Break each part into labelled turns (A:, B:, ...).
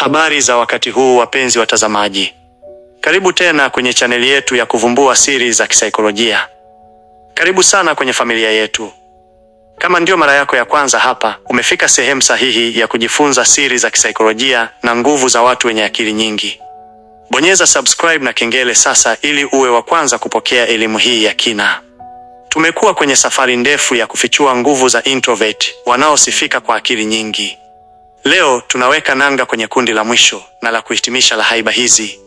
A: Habari za wakati huu, wapenzi watazamaji, karibu tena kwenye chaneli yetu ya kuvumbua siri za kisaikolojia. Karibu sana kwenye familia yetu. Kama ndiyo mara yako ya kwanza hapa, umefika sehemu sahihi ya kujifunza siri za kisaikolojia na nguvu za watu wenye akili nyingi. Bonyeza subscribe na kengele sasa, ili uwe wa kwanza kupokea elimu hii ya kina. Tumekuwa kwenye safari ndefu ya kufichua nguvu za introvert wanaosifika kwa akili nyingi. Leo tunaweka nanga kwenye kundi la mwisho na la kuhitimisha la haiba hizi.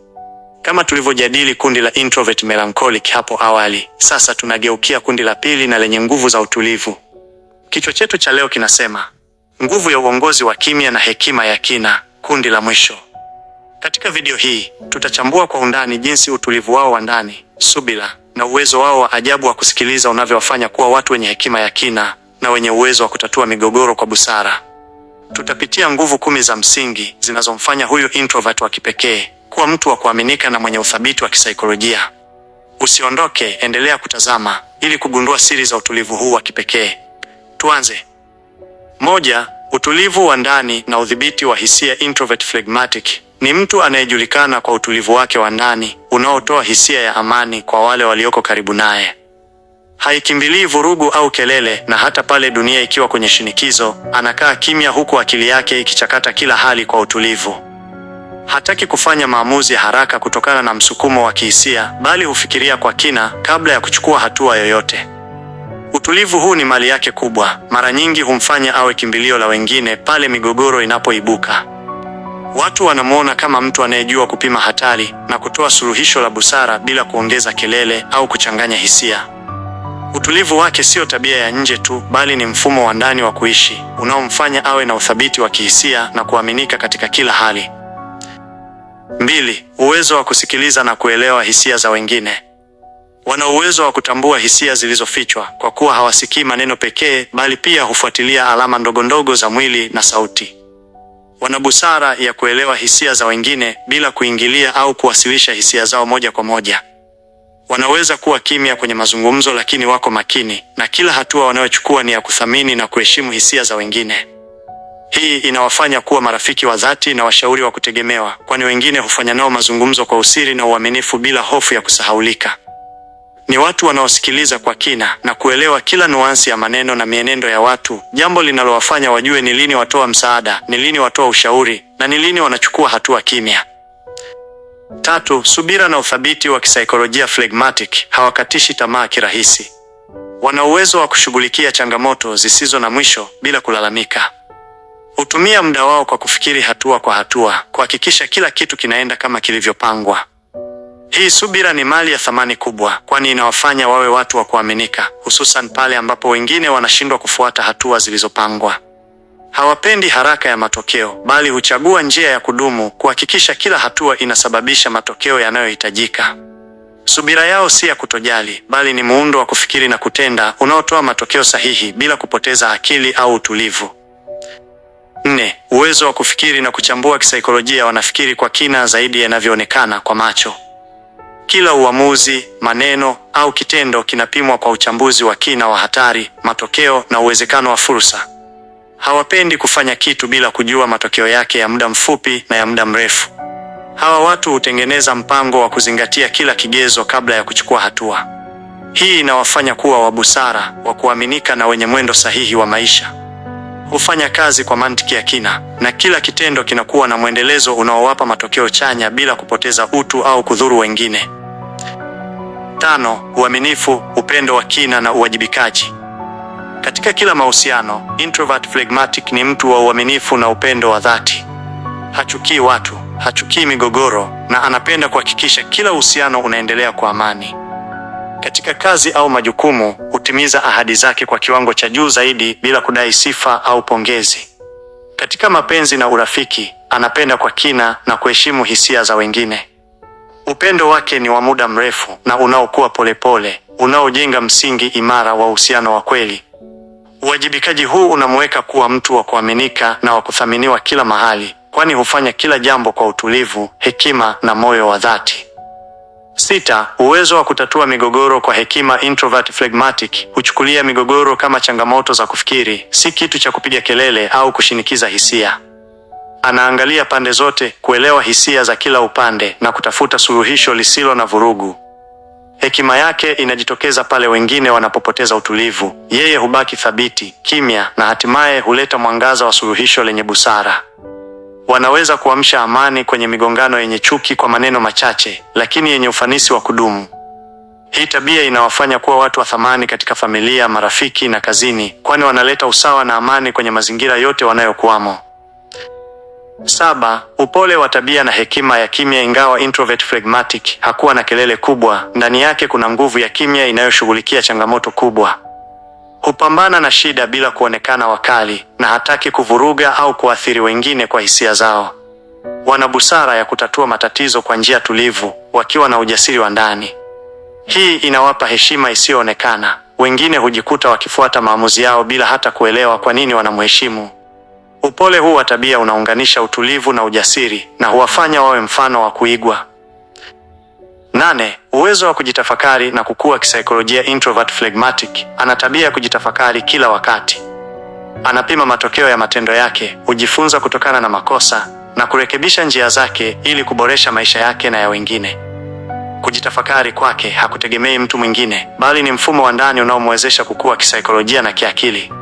A: Kama tulivyojadili kundi la introvert melancholic hapo awali, sasa tunageukia kundi la pili na lenye nguvu za utulivu. Kichwa chetu cha leo kinasema nguvu ya uongozi wa kimya na hekima ya kina, kundi la mwisho. Katika video hii tutachambua kwa undani jinsi utulivu wao wa ndani, subira na uwezo wao wa ajabu wa kusikiliza unavyowafanya kuwa watu wenye hekima ya kina na wenye uwezo wa kutatua migogoro kwa busara. Tutapitia nguvu kumi za msingi zinazomfanya huyu introvert wa kipekee kuwa mtu wa kuaminika na mwenye uthabiti wa kisaikolojia. Usiondoke, endelea kutazama ili kugundua siri za utulivu huu wa kipekee. Tuanze. Moja, utulivu wa ndani na udhibiti wa hisia. Introvert phlegmatic ni mtu anayejulikana kwa utulivu wake wa ndani unaotoa hisia ya amani kwa wale walioko karibu naye haikimbilii vurugu au kelele, na hata pale dunia ikiwa kwenye shinikizo, anakaa kimya, huku akili yake ikichakata kila hali kwa utulivu. Hataki kufanya maamuzi ya haraka kutokana na msukumo wa kihisia, bali hufikiria kwa kina kabla ya kuchukua hatua yoyote. Utulivu huu ni mali yake kubwa, mara nyingi humfanya awe kimbilio la wengine pale migogoro inapoibuka. Watu wanamwona kama mtu anayejua kupima hatari na kutoa suluhisho la busara bila kuongeza kelele au kuchanganya hisia. Utulivu wake siyo tabia ya nje tu, bali ni mfumo wa ndani wa kuishi unaomfanya awe na uthabiti wa kihisia na kuaminika katika kila hali. Mbili, uwezo wa kusikiliza na kuelewa hisia za wengine. Wana uwezo wa kutambua hisia zilizofichwa kwa kuwa hawasikii maneno pekee, bali pia hufuatilia alama ndogondogo za mwili na sauti. Wana busara ya kuelewa hisia za wengine bila kuingilia au kuwasilisha hisia zao moja kwa moja. Wanaweza kuwa kimya kwenye mazungumzo, lakini wako makini na kila hatua wanayochukua ni ya kuthamini na kuheshimu hisia za wengine. Hii inawafanya kuwa marafiki wa dhati na washauri wa kutegemewa, kwani wengine hufanya nao mazungumzo kwa usiri na uaminifu bila hofu ya kusahaulika. Ni watu wanaosikiliza kwa kina na kuelewa kila nuansi ya maneno na mienendo ya watu, jambo linalowafanya wajue ni lini watoa msaada, ni lini watoa ushauri na ni lini wanachukua hatua kimya. Tatu, subira na uthabiti wa kisaikolojia phlegmatic hawakatishi tamaa kirahisi. Wana uwezo wa kushughulikia changamoto zisizo na mwisho bila kulalamika. Hutumia muda wao kwa kufikiri hatua kwa hatua, kuhakikisha kila kitu kinaenda kama kilivyopangwa. Hii subira ni mali ya thamani kubwa, kwani inawafanya wawe watu wa kuaminika, hususan pale ambapo wengine wanashindwa kufuata hatua zilizopangwa hawapendi haraka ya matokeo, bali huchagua njia ya kudumu kuhakikisha kila hatua inasababisha matokeo yanayohitajika. Subira yao si ya kutojali, bali ni muundo wa kufikiri na kutenda unaotoa matokeo sahihi bila kupoteza akili au utulivu. Nne, uwezo wa kufikiri na kuchambua kisaikolojia. Wanafikiri kwa kina zaidi yanavyoonekana kwa macho. Kila uamuzi, maneno au kitendo kinapimwa kwa uchambuzi wa kina wa hatari, matokeo na uwezekano wa fursa. Hawapendi kufanya kitu bila kujua matokeo yake ya muda mfupi na ya muda mrefu. Hawa watu hutengeneza mpango wa kuzingatia kila kigezo kabla ya kuchukua hatua. Hii inawafanya kuwa wa busara, wa kuaminika na wenye mwendo sahihi wa maisha. Hufanya kazi kwa mantiki ya kina na kila kitendo kinakuwa na mwendelezo unaowapa matokeo chanya bila kupoteza utu au kudhuru wengine. Tano, uaminifu, upendo wa kina na uwajibikaji. Katika kila mahusiano, introvert phlegmatic ni mtu wa uaminifu na upendo wa dhati. Hachukii watu, hachukii migogoro na anapenda kuhakikisha kila uhusiano unaendelea kwa amani. Katika kazi au majukumu, hutimiza ahadi zake kwa kiwango cha juu zaidi bila kudai sifa au pongezi. Katika mapenzi na urafiki, anapenda kwa kina na kuheshimu hisia za wengine. Upendo wake ni wa muda mrefu na unaokuwa polepole, unaojenga msingi imara wa uhusiano wa kweli. Uwajibikaji huu unamweka kuwa mtu wa kuaminika na wa kuthaminiwa kila mahali, kwani hufanya kila jambo kwa utulivu, hekima na moyo wa dhati. Sita, uwezo wa kutatua migogoro kwa hekima. Introvert phlegmatic huchukulia migogoro kama changamoto za kufikiri, si kitu cha kupiga kelele au kushinikiza hisia. Anaangalia pande zote, kuelewa hisia za kila upande na kutafuta suluhisho lisilo na vurugu. Hekima yake inajitokeza pale wengine wanapopoteza utulivu. Yeye hubaki thabiti, kimya na hatimaye huleta mwangaza wa suluhisho lenye busara. Wanaweza kuamsha amani kwenye migongano yenye chuki kwa maneno machache, lakini yenye ufanisi wa kudumu. Hii tabia inawafanya kuwa watu wa thamani katika familia, marafiki na kazini, kwani wanaleta usawa na amani kwenye mazingira yote wanayokuwamo. Saba, upole wa tabia na hekima ya kimya. Ingawa introvert phlegmatic hakuwa na kelele kubwa, ndani yake kuna nguvu ya kimya inayoshughulikia changamoto kubwa. Hupambana na shida bila kuonekana wakali na hataki kuvuruga au kuathiri wengine kwa hisia zao. Wana busara ya kutatua matatizo kwa njia tulivu, wakiwa na ujasiri wa ndani. Hii inawapa heshima isiyoonekana. Wengine hujikuta wakifuata maamuzi yao bila hata kuelewa kwa nini wanamheshimu. Upole huu wa tabia unaunganisha utulivu na ujasiri na huwafanya wawe mfano wa kuigwa. Nane, uwezo wa kujitafakari na kukua kisaikolojia. Introvert phlegmatic ana tabia ya kujitafakari kila wakati. Anapima matokeo ya matendo yake, hujifunza kutokana na makosa na kurekebisha njia zake ili kuboresha maisha yake na ya wengine. Kujitafakari kwake hakutegemei mtu mwingine, bali ni mfumo wa ndani unaomwezesha kukua kisaikolojia na kiakili.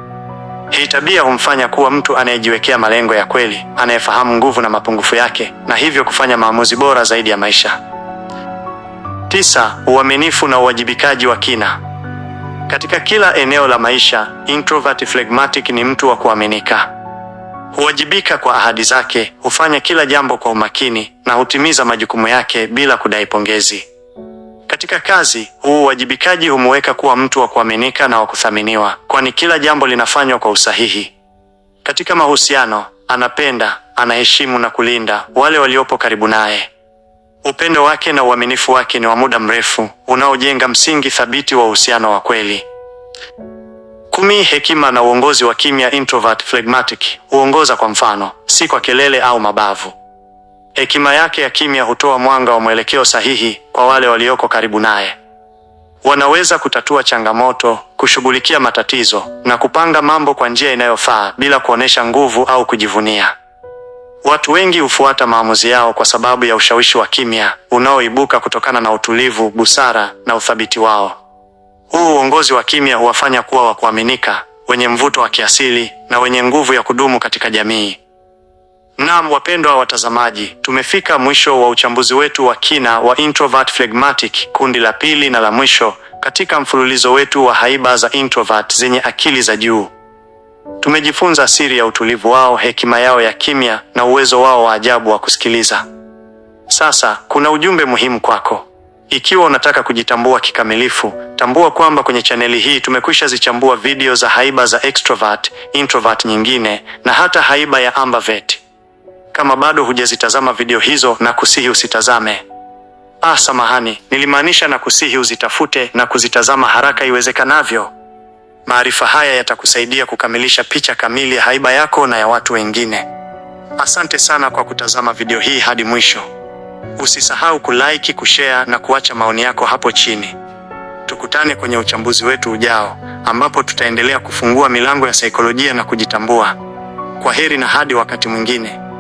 A: Hii tabia humfanya kuwa mtu anayejiwekea malengo ya kweli, anayefahamu nguvu na mapungufu yake, na hivyo kufanya maamuzi bora zaidi ya maisha. Tisa, uaminifu na uwajibikaji wa kina. Katika kila eneo la maisha, introvert phlegmatic ni mtu wa kuaminika. Huwajibika kwa ahadi zake, hufanya kila jambo kwa umakini na hutimiza majukumu yake bila kudai pongezi katika kazi, huu uwajibikaji humuweka kuwa mtu wa kuaminika na wa kuthaminiwa, kwani kila jambo linafanywa kwa usahihi. Katika mahusiano, anapenda, anaheshimu na kulinda wale waliopo karibu naye. Upendo wake na uaminifu wake ni wa muda mrefu unaojenga msingi thabiti wa uhusiano wa kweli. Kumi, hekima na uongozi wa kimya. Introvert phlegmatic huongoza kwa mfano, si kwa kelele au mabavu. Hekima yake ya kimya hutoa mwanga wa mwelekeo sahihi kwa wale walioko karibu naye. Wanaweza kutatua changamoto, kushughulikia matatizo na kupanga mambo kwa njia inayofaa bila kuonyesha nguvu au kujivunia. Watu wengi hufuata maamuzi yao kwa sababu ya ushawishi wa kimya unaoibuka kutokana na utulivu, busara na uthabiti wao. Huu uongozi wa kimya huwafanya kuwa wa kuaminika, wenye mvuto wa kiasili na wenye nguvu ya kudumu katika jamii. Naam, wapendwa watazamaji, tumefika mwisho wa uchambuzi wetu wa kina wa introvert phlegmatic, kundi la pili na la mwisho katika mfululizo wetu wa haiba za introvert zenye akili za juu. Tumejifunza siri ya utulivu wao, hekima yao ya kimya na uwezo wao wa ajabu wa kusikiliza. Sasa kuna ujumbe muhimu kwako. Ikiwa unataka kujitambua kikamilifu, tambua kwamba kwenye chaneli hii tumekwisha zichambua video za haiba za extrovert, introvert nyingine na hata haiba ya ambivert. Kama bado hujazitazama video hizo, na kusihi usitazame. Ah, samahani, nilimaanisha na kusihi uzitafute na kuzitazama haraka iwezekanavyo. Maarifa haya yatakusaidia kukamilisha picha kamili ya haiba yako na ya watu wengine. Asante sana kwa kutazama video hii hadi mwisho. Usisahau kulike, kushare na kuacha maoni yako hapo chini. Tukutane kwenye uchambuzi wetu ujao ambapo tutaendelea kufungua milango ya saikolojia na kujitambua. Kwa heri na hadi wakati mwingine.